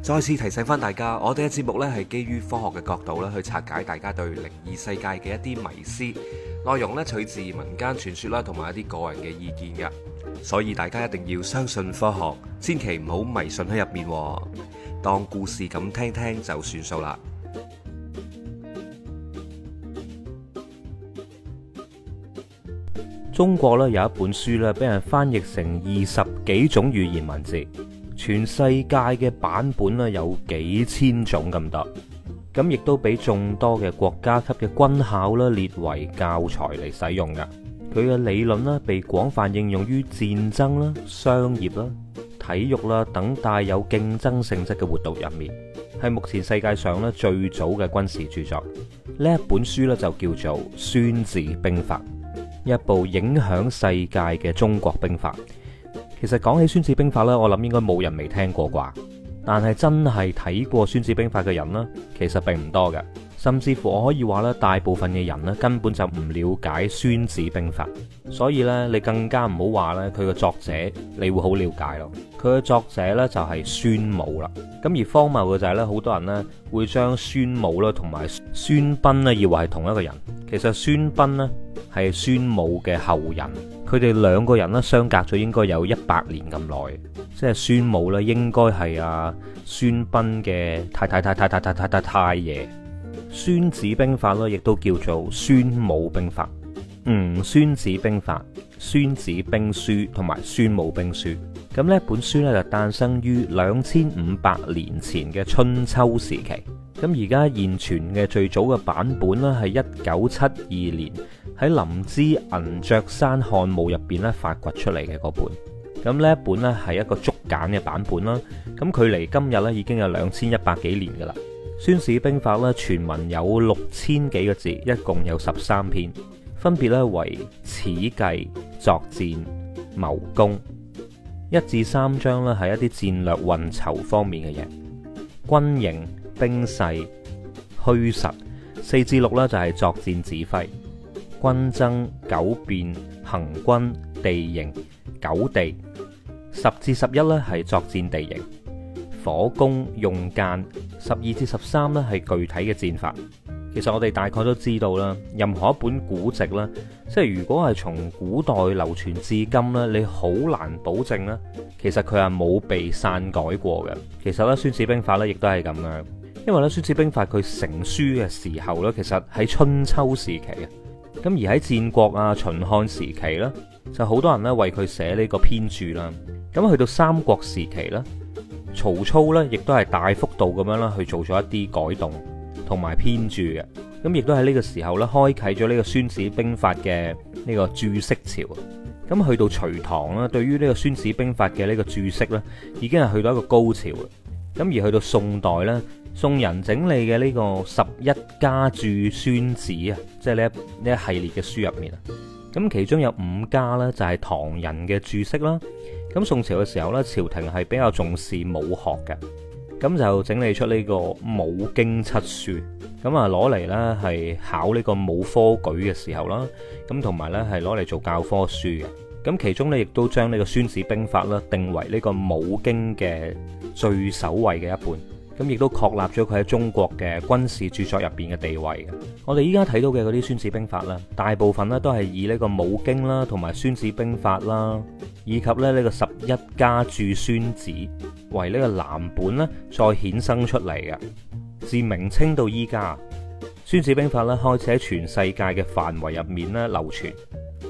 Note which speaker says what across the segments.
Speaker 1: 再次提醒翻大家，我哋嘅節目呢係基於科學嘅角度啦，去拆解大家對靈異世界嘅一啲迷思。內容呢取自民間傳說啦，同埋一啲個人嘅意見嘅，所以大家一定要相信科學，千祈唔好迷信喺入面，當故事咁聽聽就算數啦。中國呢有一本書呢，俾人翻譯成二十幾種語言文字。全世界嘅版本咧，有幾千種咁多，咁亦都俾眾多嘅國家級嘅軍校啦列為教材嚟使用噶。佢嘅理論呢，被廣泛應用於戰爭啦、商業啦、體育啦等帶有競爭性質嘅活動入面，係目前世界上咧最早嘅軍事著作。呢一本書咧就叫做《孫子兵法》，一部影響世界嘅中國兵法。其實講起《孫子兵法》呢，我諗應該冇人未聽過啩。但係真係睇過《孫子兵法》嘅人呢，其實並唔多嘅。甚至乎我可以話呢，大部分嘅人呢，根本就唔了解《孫子兵法》，所以呢，你更加唔好話呢，佢個作者你會好了解咯。佢嘅作者呢，就係孫武啦。咁而荒謬嘅就係、是、呢，好多人呢，會將孫武啦同埋孫臏呢，以為係同一個人。其實孫臏呢，係孫武嘅後人。佢哋兩個人咧，相隔咗應該有一百年咁耐，即係孫武咧，應該係阿孫臏嘅太太太太太太太太太爺，孫子兵法咧亦都叫做孫武兵法，嗯，孫子兵法、孫子兵書同埋孫武兵書，咁呢本書呢就誕生於兩千五百年前嘅春秋時期。咁而家現存嘅最早嘅版本咧，係一九七二年喺臨沂銀雀山漢墓入邊咧發掘出嚟嘅嗰本。咁呢一本咧係一個竹簡嘅版本啦。咁距離今日咧已經有兩千一百幾年噶啦。《孫子兵法》咧全文有六千幾個字，一共有十三篇，分別咧為《始計》《作戰》《謀攻》一至三章咧係一啲戰略運籌方面嘅嘢，軍營。兵勢虛實四至六咧，就係作戰指揮；軍爭九變行軍地形九地十至十一咧，係作戰地形；火攻用間十二至十三咧，係具體嘅戰法。其實我哋大概都知道啦，任何一本古籍啦，即係如果係從古代流傳至今咧，你好難保證咧，其實佢係冇被刪改過嘅。其實咧，《孫子兵法》咧，亦都係咁樣。因為咧，《孫子兵法》佢成書嘅時候呢，其實喺春秋時期啊，咁而喺戰國啊、秦漢時期呢，就好多人呢為佢寫呢個編著啦。咁去到三國時期呢，曹操呢亦都係大幅度咁樣咧去做咗一啲改動同埋編著嘅。咁亦都喺呢個時候呢，開啟咗呢個《孫子兵法》嘅呢個注釋潮。咁去到隋唐呢，對於呢個《孫子兵法》嘅呢個注釋呢，已經係去到一個高潮啦。咁而去到宋代呢。宋人整理嘅呢個十一家注孫子啊，即係呢一呢一系列嘅書入面啊，咁其中有五家呢，就係唐人嘅注釋啦。咁宋朝嘅時候呢，朝廷係比較重視武學嘅，咁就整理出呢個武經七書，咁啊攞嚟呢係考呢個武科舉嘅時候啦，咁同埋呢係攞嚟做教科書嘅。咁其中呢，亦都將呢個孫子兵法呢，定為呢個武經嘅最首位嘅一本。咁亦都確立咗佢喺中國嘅軍事著作入邊嘅地位嘅。我哋依家睇到嘅嗰啲《孫子兵法》咧，大部分咧都係以呢個《武經》啦，同埋《孫子兵法》啦，以及咧呢個《十一家注孫子》為呢個藍本咧，再衍生出嚟嘅。自明清到依家，《孫子兵法》咧開始喺全世界嘅範圍入面咧流傳。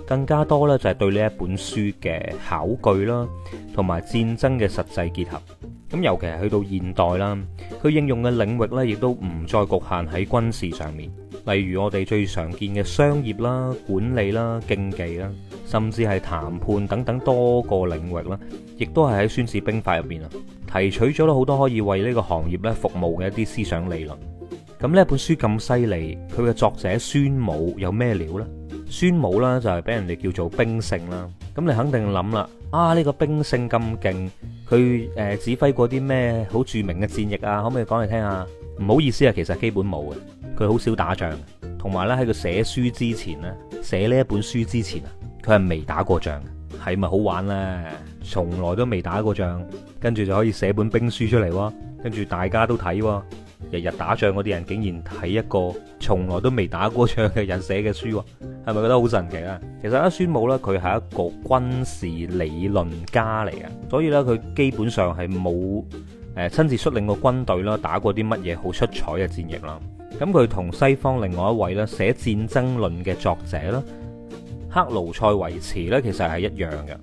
Speaker 1: 更加多呢，就係對呢一本書嘅考據啦，同埋戰爭嘅實際結合。咁尤其係去到現代啦，佢應用嘅領域呢，亦都唔再局限喺軍事上面。例如我哋最常見嘅商業啦、管理啦、競技啦，甚至係談判等等多個領域啦，亦都係喺《孫子兵法》入邊啊，提取咗好多可以為呢個行業呢服務嘅一啲思想理論。咁呢本書咁犀利，佢嘅作者孫武有咩料呢？孫武啦，就係俾人哋叫做兵聖啦。咁你肯定諗啦，啊呢個兵聖咁勁，佢誒、呃、指揮過啲咩好著名嘅戰役啊？可唔可以講嚟聽下？唔好意思啊，其實基本冇嘅，佢好少打仗。同埋咧，喺佢寫書之前呢，寫呢一本書之前啊，佢係未打過仗，係咪好玩呢？從來都未打過仗，跟住就可以寫本兵書出嚟喎，跟住大家都睇喎。日日打仗嗰啲人，竟然睇一個從來都未打過仗嘅人寫嘅書，係咪覺得好神奇啦？其實阿孫武呢，佢係一個軍事理論家嚟啊，所以呢，佢基本上係冇誒親自率領過軍隊啦，打過啲乜嘢好出彩嘅戰役啦。咁佢同西方另外一位咧寫《戰爭論》嘅作者啦，克勞塞維茨呢，其實係一樣嘅。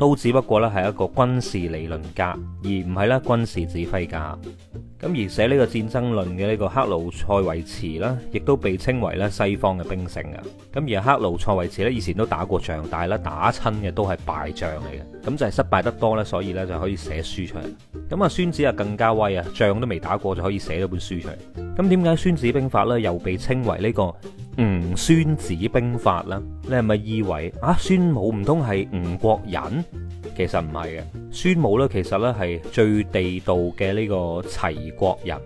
Speaker 1: 都只不過咧係一個軍事理論家，而唔係咧軍事指揮家。咁而寫呢個戰爭論嘅呢個克勞塞維茨呢，亦都被稱為咧西方嘅兵聖啊。咁而克勞塞維茨呢，以前都打過仗，但係咧打親嘅都係敗仗嚟嘅。咁就係、是、失敗得多呢，所以呢就可以寫書出嚟。咁啊，孫子啊更加威啊，仗都未打過就可以寫咗本書出嚟。咁點解《孫子兵法》呢，又被稱為呢、這個？《吳孫子兵法》啦，你係咪以為啊，孫武唔通係吳國人？其實唔係嘅，孫武呢其實呢係最地道嘅呢個齊國人。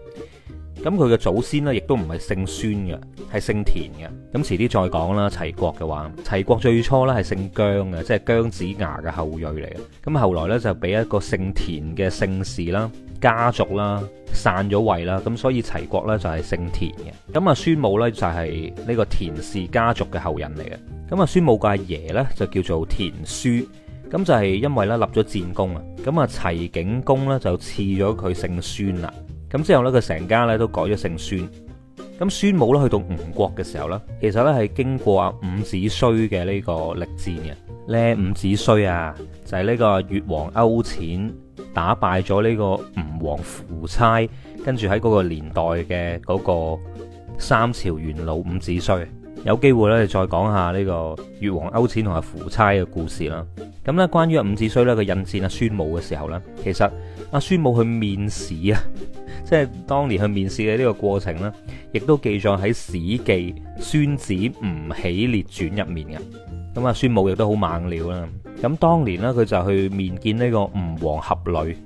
Speaker 1: 咁佢嘅祖先呢亦都唔係姓孫嘅，係姓田嘅。咁遲啲再講啦。齊國嘅話，齊國最初呢係姓姜嘅，即係姜子牙嘅後裔嚟嘅。咁後來呢就俾一個姓田嘅姓氏啦、家族啦散咗位啦，咁所以齊國呢就係姓田嘅。咁啊，孫武呢就係呢個田氏家族嘅後人嚟嘅。咁啊，孫武嘅阿爺呢，就叫做田書，咁就係、是、因為咧立咗戰功啊，咁啊齊景公呢就賜咗佢姓孫啦。咁之後呢，佢成家呢都改咗姓孫。咁孫武呢，去到吳國嘅時候呢，其實呢係經過啊伍子胥嘅呢個力戰嘅。咧伍子胥啊，就係呢個越王勾踐打敗咗呢個吳王夫差，跟住喺嗰個年代嘅嗰個三朝元老伍子胥。有機會呢，你再講下呢個越王勾踐同埋夫差嘅故事啦。咁呢，關於伍子胥呢，佢引薦阿孫武嘅時候呢，其實阿孫武去面試啊。即係當年去面試嘅呢個過程呢，亦都記載喺《史記》《孫子吳起列傳》入面嘅。咁啊，孫武亦都好猛料啦。咁當年呢，佢就去面見呢個吳王闔閭。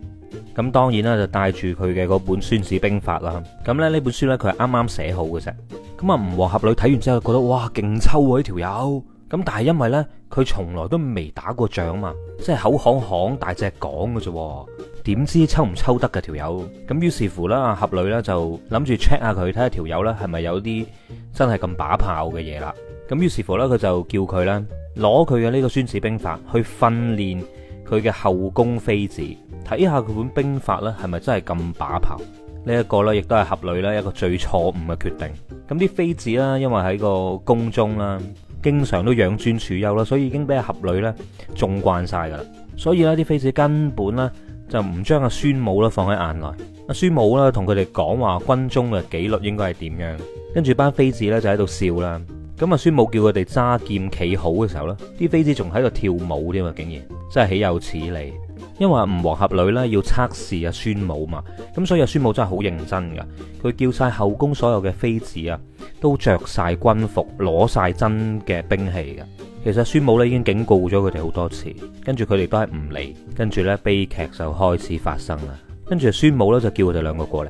Speaker 1: 咁當然啦，就帶住佢嘅嗰本《孫子兵法》啦。咁咧呢本書呢，佢係啱啱寫好嘅啫。咁啊，吳王闔閭睇完之後，覺得哇，勁抽啊呢條友。咁、這個、但係因為呢，佢從來都未打過仗嘛，即係口響響大隻講嘅啫。點知抽唔抽得嘅條友咁？於是乎啦，阿俠女啦就諗住 check 下佢，睇下條友啦係咪有啲真係咁把炮嘅嘢啦。咁於是乎啦，佢就叫佢咧攞佢嘅呢個《孫子兵法》去訓練佢嘅後宮妃子，睇下佢本兵法咧係咪真係咁把炮呢？一個咧，亦都係俠女咧一個最錯誤嘅決定。咁啲妃子啦，因為喺個宮中啦，經常都養尊處優啦，所以已經俾阿俠女咧縱慣晒噶啦，所以呢啲妃子根本咧。就唔將阿孫武啦放喺眼內，阿孫武啦同佢哋講話軍中嘅紀律應該係點樣，跟住班妃子咧就喺度笑啦，咁阿孫武叫佢哋揸劍企好嘅時候呢，啲妃子仲喺度跳舞添啊，竟然真係豈有此理！因為吳王闔閭咧要測試啊，孫武嘛，咁所以阿孫武真係好認真噶，佢叫晒後宮所有嘅妃子啊，都着晒軍服，攞晒真嘅兵器噶。其實孫武咧已經警告咗佢哋好多次，跟住佢哋都係唔嚟。跟住咧悲劇就開始發生啦。跟住阿孫武咧就叫佢哋兩個過嚟，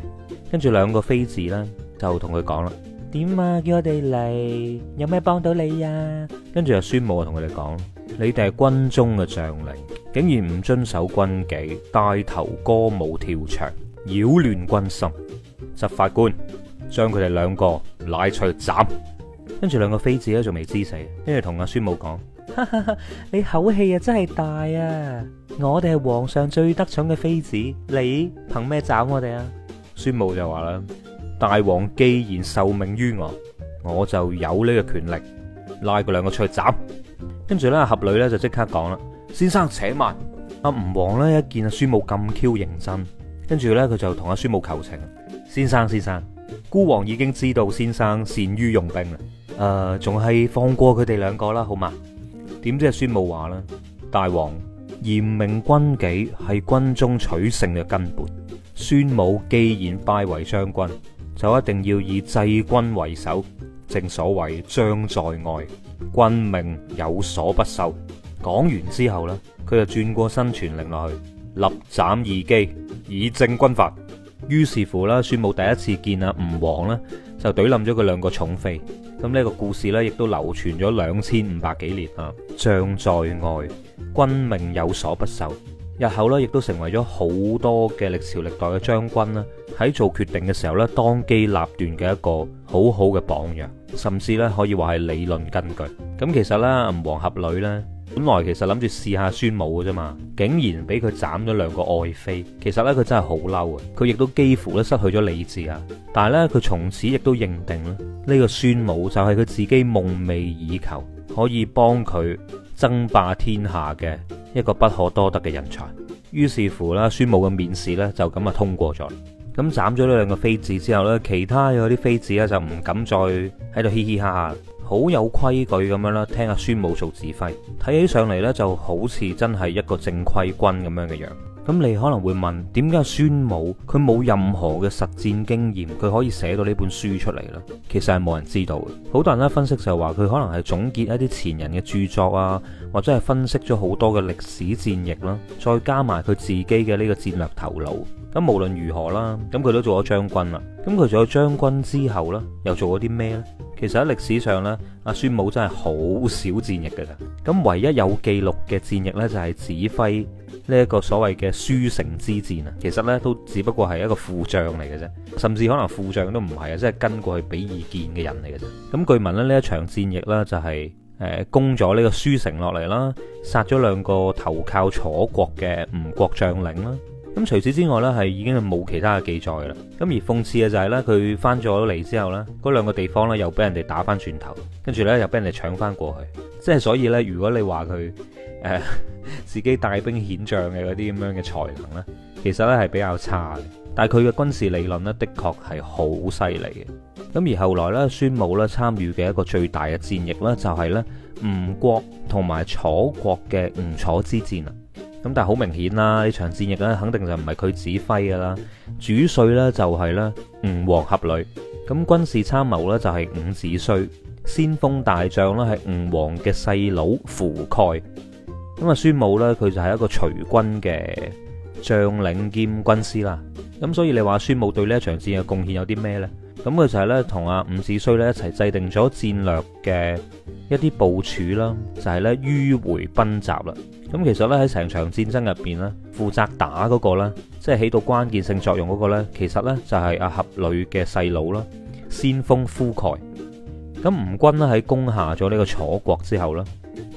Speaker 1: 跟住兩個妃子咧就同佢講啦：點啊，叫我哋嚟，有咩幫到你啊？孫武跟住阿孫武就同佢哋講。你哋係軍中嘅將領，竟然唔遵守軍紀，帶頭歌舞跳牆，擾亂軍心，執法官將佢哋兩個拉出去斬。跟住兩個妃子咧，仲未知死，跟住同阿孫武講： 你口氣啊真係大啊！我哋係皇上最得寵嘅妃子，你憑咩斬我哋啊？孫武就話啦：大王既然受命於我，我就有呢個權力拉佢兩個出去斬。跟住呢，俠女呢就即刻講啦：，先生請慢。阿吳王呢一見阿孫武咁 Q 認真，跟住呢，佢就同阿孫武求情：，先生先生，孤王已經知道先生善於用兵啦，誒、呃，仲係放過佢哋兩個啦，好嘛？點知阿孫武話呢：「大王嚴明軍紀係軍中取勝嘅根本。」孫武既然拜為將軍，就一定要以制軍為首，正所謂將在外。君命有所不受。講完之後呢，佢就轉過身傳令落去，立斬二姬以正軍法。於是乎呢孫武第一次見阿吳王呢就懟冧咗佢兩個寵妃。咁呢個故事呢，亦都流傳咗兩千五百幾年啊。將在外，君命有所不受。日後呢，亦都成為咗好多嘅歷朝歷代嘅將軍啦。喺做決定嘅時候呢，當機立斷嘅一個好好嘅榜樣，甚至呢可以話係理論根據。咁其實呢，吳王闔閭呢，本來其實諗住試下孫武嘅啫嘛，竟然俾佢斬咗兩個愛妃，其實呢，佢真係好嬲啊！佢亦都幾乎都失去咗理智啊。但係呢，佢從此亦都認定呢、呢個孫武就係佢自己夢寐以求可以幫佢爭霸天下嘅一個不可多得嘅人才。於是乎呢孫武嘅面試呢，就咁啊通過咗。咁斬咗呢兩個妃子之後呢，其他嘅啲妃子咧就唔敢再喺度嘻嘻哈哈，好有規矩咁樣啦，聽阿孫武做指揮，睇起上嚟呢就好似真係一個正規軍咁樣嘅樣。咁你可能會，問點解孫武佢冇任何嘅實戰經驗，佢可以寫到呢本書出嚟呢？其實係冇人知道嘅。好多人咧分析就係話佢可能係總結一啲前人嘅著作啊，或者係分析咗好多嘅歷史戰役啦，再加埋佢自己嘅呢個戰略頭腦。咁無論如何啦，咁佢都做咗將軍啦。咁佢做咗將軍之後呢，又做咗啲咩呢？其實喺歷史上呢，阿孫武真係好少戰役嘅。咁唯一有記錄嘅戰役呢，就係指揮。呢一個所謂嘅書城之戰啊，其實呢都只不過係一個副將嚟嘅啫，甚至可能副將都唔係啊，即係跟過去俾意見嘅人嚟嘅啫。咁據聞呢，呢一場戰役呢就係、是、誒、呃、攻咗呢個書城落嚟啦，殺咗兩個投靠楚國嘅吳國將領啦。咁、啊、除此之外呢，係已經冇其他嘅記載啦。咁而諷刺嘅就係、是、呢，佢翻咗嚟之後呢，嗰兩個地方呢，又俾人哋打翻轉頭，跟住呢，又俾人哋搶翻過去。即係所以呢，如果你話佢誒，呃自己帶兵遣將嘅嗰啲咁樣嘅才能呢，其實咧係比較差嘅。但係佢嘅軍事理論呢，的確係好犀利嘅。咁而後來呢，孫武呢參與嘅一個最大嘅戰役呢，就係呢吳國同埋楚國嘅吳楚之戰啊。咁但係好明顯啦，呢場戰役呢，肯定就唔係佢指揮噶啦。主帥呢，就係呢吳王闔閭，咁軍事參謀呢，就係伍子胥，先鋒大將呢，係吳王嘅細佬夫概。咁啊，孫武呢，佢就係一個隨軍嘅將領兼軍師啦。咁所以你話孫武對呢一場戰嘅貢獻有啲咩呢？咁佢就係呢，同阿伍子胥呢一齊制定咗戰略嘅一啲部署啦，就係呢迂回奔襲啦。咁其實呢，喺成場戰爭入邊呢，負責打嗰個呢，即係起到關鍵性作用嗰個呢，其實呢，就係阿闔閭嘅細佬啦，先鋒夫蓋。咁吳軍呢，喺攻下咗呢個楚國之後呢。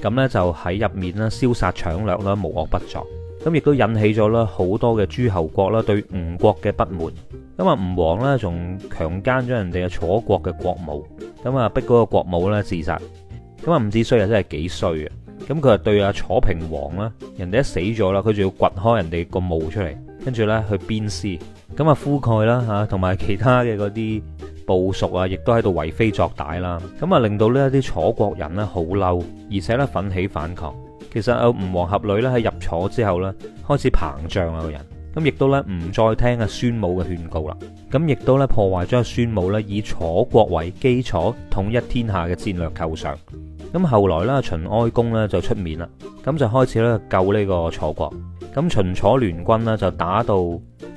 Speaker 1: 咁呢就喺入面咧，燒殺搶掠啦，無惡不作。咁亦都引起咗啦好多嘅諸侯國啦對吳國嘅不滿。咁啊吳王呢，仲強姦咗人哋嘅楚國嘅國母，咁啊逼嗰個國母呢自殺。咁啊伍子胥又真係幾衰啊！咁佢啊對啊楚平王啦，人哋一死咗啦，佢仲要掘開人哋個墓出嚟，跟住呢去鞭屍。咁啊，夫概啦嚇，同埋其他嘅嗰啲部屬啊，亦都喺度為非作歹啦。咁啊，令到呢一啲楚國人呢好嬲，而且呢奮起反抗。其實啊，吳王闔閭咧，喺入楚之後呢開始膨脹啊個人，咁亦都咧唔再聽阿孫武嘅勸告啦。咁亦都咧破壞咗啊孫武咧以楚國為基礎統一天下嘅戰略構想。咁後來咧，秦哀公咧就出面啦，咁就開始咧救呢個楚國，咁秦楚聯軍咧就打到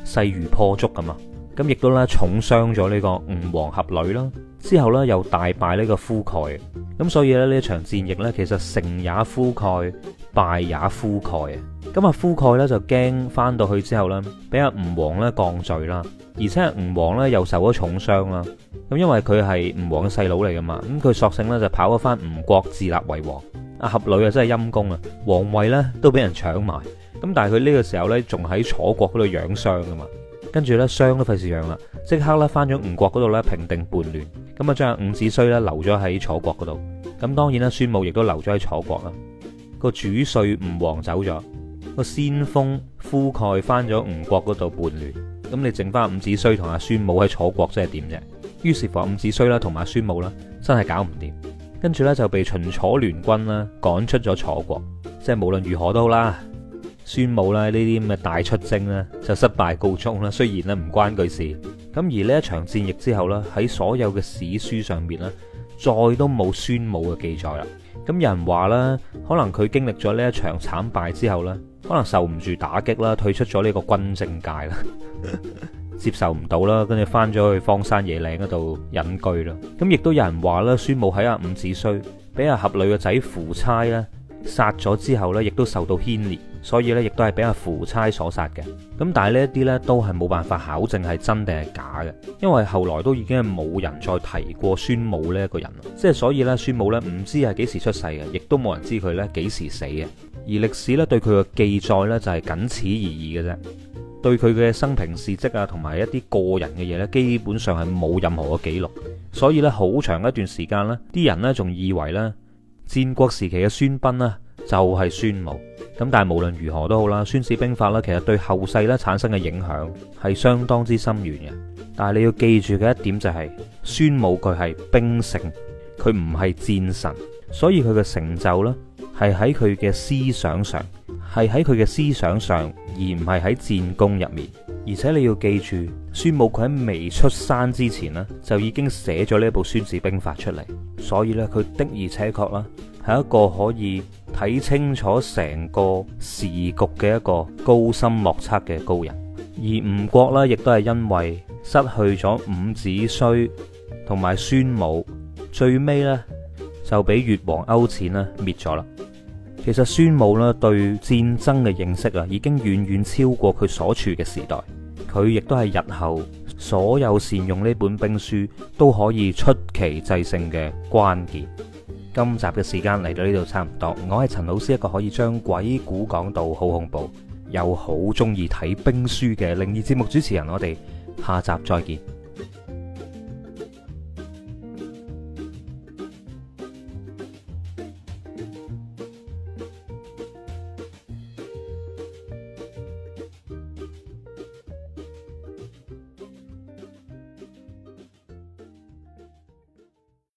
Speaker 1: 勢如破竹咁啊，咁亦都咧重傷咗呢個吳王闔閭啦，之後咧又大敗呢個夫蓋，咁所以咧呢場戰役咧其實成也夫蓋。敗也夫蓋，咁啊夫蓋咧就驚翻到去之後呢，俾阿吳王咧降罪啦，而且阿吳王呢又受咗重傷啦，咁因為佢係吳王嘅細佬嚟噶嘛，咁佢索性呢就跑咗翻吳國自立為王，阿闔閭啊真係陰功啊，王位呢都俾人搶埋，咁但係佢呢個時候呢，仲喺楚國嗰度養傷噶嘛，跟住呢，傷都費事養啦，即刻咧翻咗吳國嗰度呢平定叛亂，咁啊將阿伍子胥呢留咗喺楚國嗰度，咁當然啦孫武亦都留咗喺楚國啊。個主帥吳王走咗，個先鋒夫概翻咗吳國嗰度叛亂，咁你剩翻伍子胥同阿孫武喺楚國即係點啫？於是乎，伍子胥啦，同埋阿孫武啦，真係搞唔掂，跟住呢，就被秦楚聯軍啦趕出咗楚國，即係無論如何都好啦。孫武啦呢啲咁嘅大出征呢，就失敗告終啦，雖然呢唔關佢事，咁而呢一場戰役之後呢，喺所有嘅史書上面呢，再都冇孫武嘅記載啦。咁有人話啦，可能佢經歷咗呢一場慘敗之後呢，可能受唔住打擊啦，退出咗呢個軍政界啦， 接受唔到啦，跟住翻咗去荒山野嶺嗰度隱居啦。咁亦都有人話啦，孫武喺阿伍子胥，俾阿闔閭嘅仔夫差啊。殺咗之後呢，亦都受到牽連，所以呢，亦都係俾阿夫差所殺嘅。咁但係呢一啲呢都係冇辦法考證係真定係假嘅，因為後來都已經冇人再提過孫武呢一個人。即係所以呢，孫武呢唔知係幾時出世嘅，亦都冇人知佢呢幾時死嘅。而歷史呢，對佢嘅記載呢就係僅此而已嘅啫，對佢嘅生平事跡啊同埋一啲個人嘅嘢呢，基本上係冇任何嘅記錄。所以呢，好長一段時間呢，啲人呢仲以為呢。戰國時期嘅孫臏呢，就係孫武。咁但係無論如何都好啦，《孫子兵法》啦，其實對後世咧產生嘅影響係相當之深遠嘅。但係你要記住嘅一點就係，孫武佢係兵聖，佢唔係戰神，所以佢嘅成就呢。係喺佢嘅思想上，係喺佢嘅思想上，而唔係喺戰功入面。而且你要記住，孫武佢喺未出山之前呢，就已經寫咗呢部《孫子兵法》出嚟。所以呢，佢的而且確啦，係一個可以睇清楚成個時局嘅一個高深莫測嘅高人。而吳國呢，亦都係因為失去咗伍子胥同埋孫武，最尾呢，就俾越王勾踐啦滅咗啦。其實孫武呢對戰爭嘅認識啊，已經遠遠超過佢所處嘅時代。佢亦都係日後所有善用呢本兵書都可以出奇制勝嘅關鍵。今集嘅時間嚟到呢度差唔多，我係陳老師，一個可以將鬼故講到好恐怖，又好中意睇兵書嘅靈異節目主持人我。我哋下集再見。